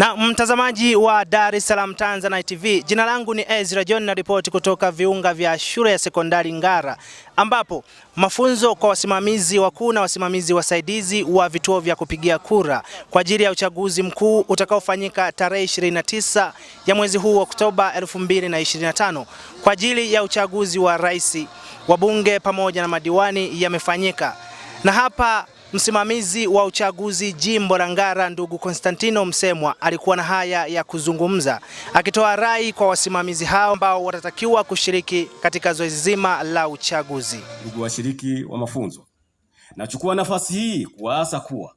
Na mtazamaji wa Dar es Salaam tanzania TV, jina langu ni Ezra John na ripoti kutoka viunga vya shule ya sekondari Ngara ambapo mafunzo kwa wasimamizi wakuu na wasimamizi wasaidizi wa vituo vya kupigia kura kwa ajili ya uchaguzi mkuu utakaofanyika tarehe 29 ya mwezi huu wa Oktoba 2025 kwa ajili ya uchaguzi wa rais, wabunge pamoja na madiwani yamefanyika. Na hapa Msimamizi wa uchaguzi jimbo la Ngara ndugu Konstantino Msemwa alikuwa na haya ya kuzungumza, akitoa rai kwa wasimamizi hao ambao watatakiwa kushiriki katika zoezi zima la uchaguzi. Ndugu washiriki wa mafunzo, nachukua nafasi hii kuwaasa kuwa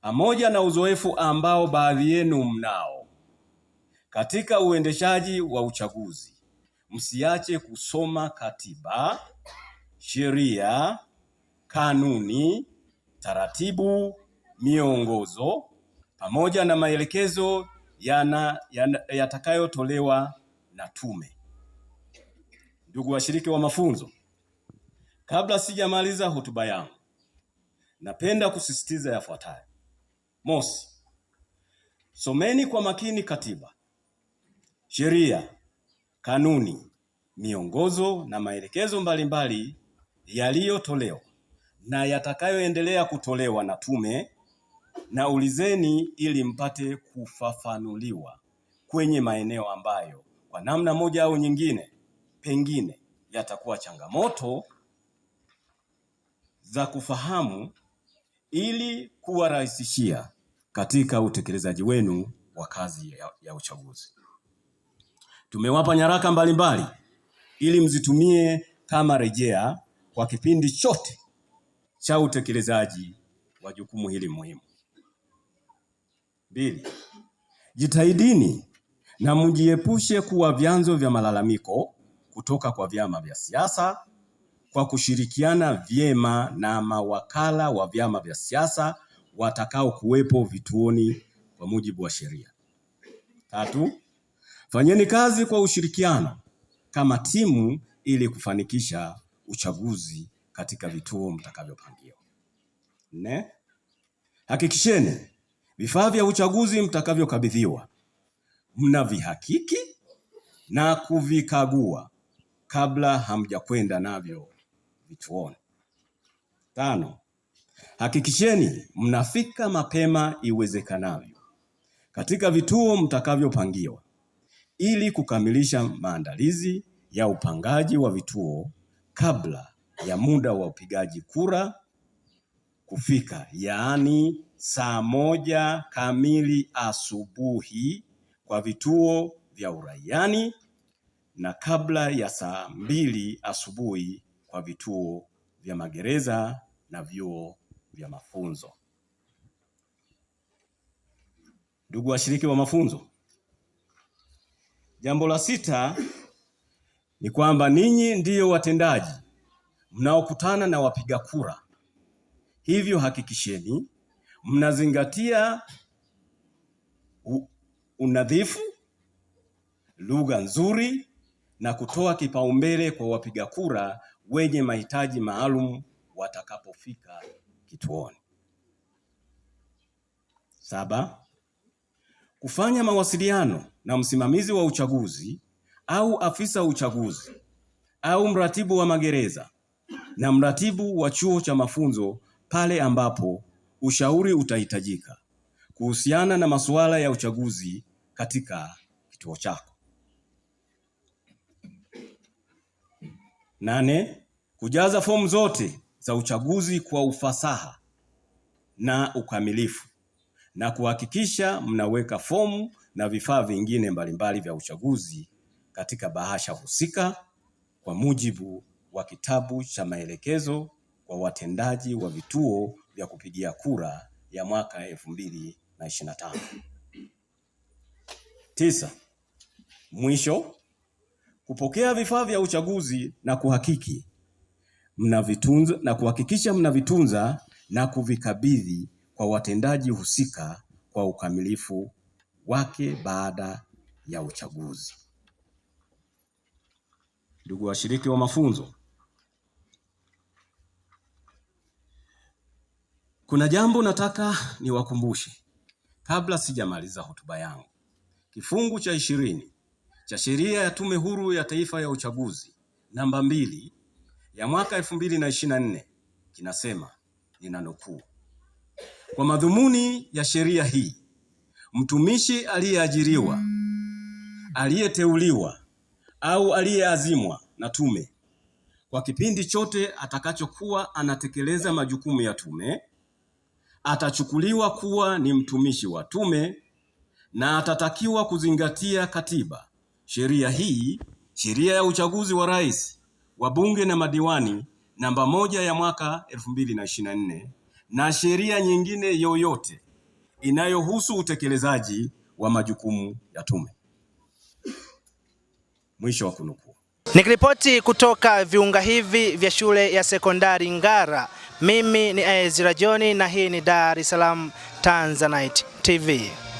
pamoja na uzoefu ambao baadhi yenu mnao katika uendeshaji wa uchaguzi, msiache kusoma katiba, sheria, kanuni taratibu, miongozo pamoja na maelekezo yatakayotolewa ya, na tume. Ndugu washiriki wa mafunzo, kabla sijamaliza hotuba yangu, napenda kusisitiza yafuatayo: mosi, someni kwa makini katiba, sheria, kanuni, miongozo na maelekezo mbalimbali yaliyotolewa na yatakayoendelea kutolewa na tume, na ulizeni ili mpate kufafanuliwa kwenye maeneo ambayo kwa namna moja au nyingine pengine yatakuwa changamoto za kufahamu ili kuwarahisishia katika utekelezaji wenu wa kazi ya, ya uchaguzi. Tumewapa nyaraka mbalimbali mbali, ili mzitumie kama rejea kwa kipindi chote cha utekelezaji wa jukumu hili muhimu. Mbili, jitahidini na mjiepushe kuwa vyanzo vya malalamiko kutoka kwa vyama vya siasa kwa kushirikiana vyema na mawakala wa vyama vya siasa watakao kuwepo vituoni kwa mujibu wa sheria. Tatu, fanyeni kazi kwa ushirikiano kama timu ili kufanikisha uchaguzi katika vituo mtakavyopangiwa. Nne, hakikisheni vifaa vya uchaguzi mtakavyokabidhiwa mnavihakiki na kuvikagua kabla hamjakwenda navyo vituoni. Tano, hakikisheni mnafika mapema iwezekanavyo katika vituo mtakavyopangiwa ili kukamilisha maandalizi ya upangaji wa vituo kabla ya muda wa upigaji kura kufika, yaani saa moja kamili asubuhi kwa vituo vya uraiani yaani na kabla ya saa mbili asubuhi kwa vituo vya magereza na vyuo vya mafunzo. Ndugu washiriki wa mafunzo, jambo la sita ni kwamba ninyi ndiyo watendaji mnaokutana na wapiga kura. Hivyo hakikisheni mnazingatia unadhifu, lugha nzuri na kutoa kipaumbele kwa wapiga kura wenye mahitaji maalum watakapofika kituoni. Saba, kufanya mawasiliano na msimamizi wa uchaguzi au afisa uchaguzi au mratibu wa magereza na mratibu wa chuo cha mafunzo pale ambapo ushauri utahitajika kuhusiana na masuala ya uchaguzi katika kituo chako. Nane, kujaza fomu zote za uchaguzi kwa ufasaha na ukamilifu na kuhakikisha mnaweka fomu na vifaa vingine mbalimbali vya uchaguzi katika bahasha husika kwa mujibu wa kitabu cha maelekezo kwa watendaji wa vituo vya kupigia kura ya mwaka 2025. Tisa, mwisho kupokea vifaa vya uchaguzi na kuhakiki mnavitunza na kuhakikisha mnavitunza na kuvikabidhi kwa watendaji husika kwa ukamilifu wake baada ya uchaguzi. Ndugu washiriki wa mafunzo, Kuna jambo nataka niwakumbushe kabla sijamaliza hotuba yangu. Kifungu cha ishirini cha sheria ya Tume Huru ya Taifa ya Uchaguzi namba mbili ya mwaka elfu mbili na ishirini na nne kinasema, ninanukuu: kwa madhumuni ya sheria hii mtumishi aliyeajiriwa, aliyeteuliwa au aliyeazimwa na tume kwa kipindi chote atakachokuwa anatekeleza majukumu ya tume atachukuliwa kuwa ni mtumishi wa tume na atatakiwa kuzingatia katiba, sheria hii, sheria ya uchaguzi wa rais, wabunge na madiwani namba moja ya mwaka 2024 na sheria nyingine yoyote inayohusu utekelezaji wa majukumu ya tume. Mwisho wa kunukuu. Nikiripoti kutoka viunga hivi vya shule ya sekondari Ngara mimi ni Ezra John na hii ni Dar es Salaam Tanzanite TV.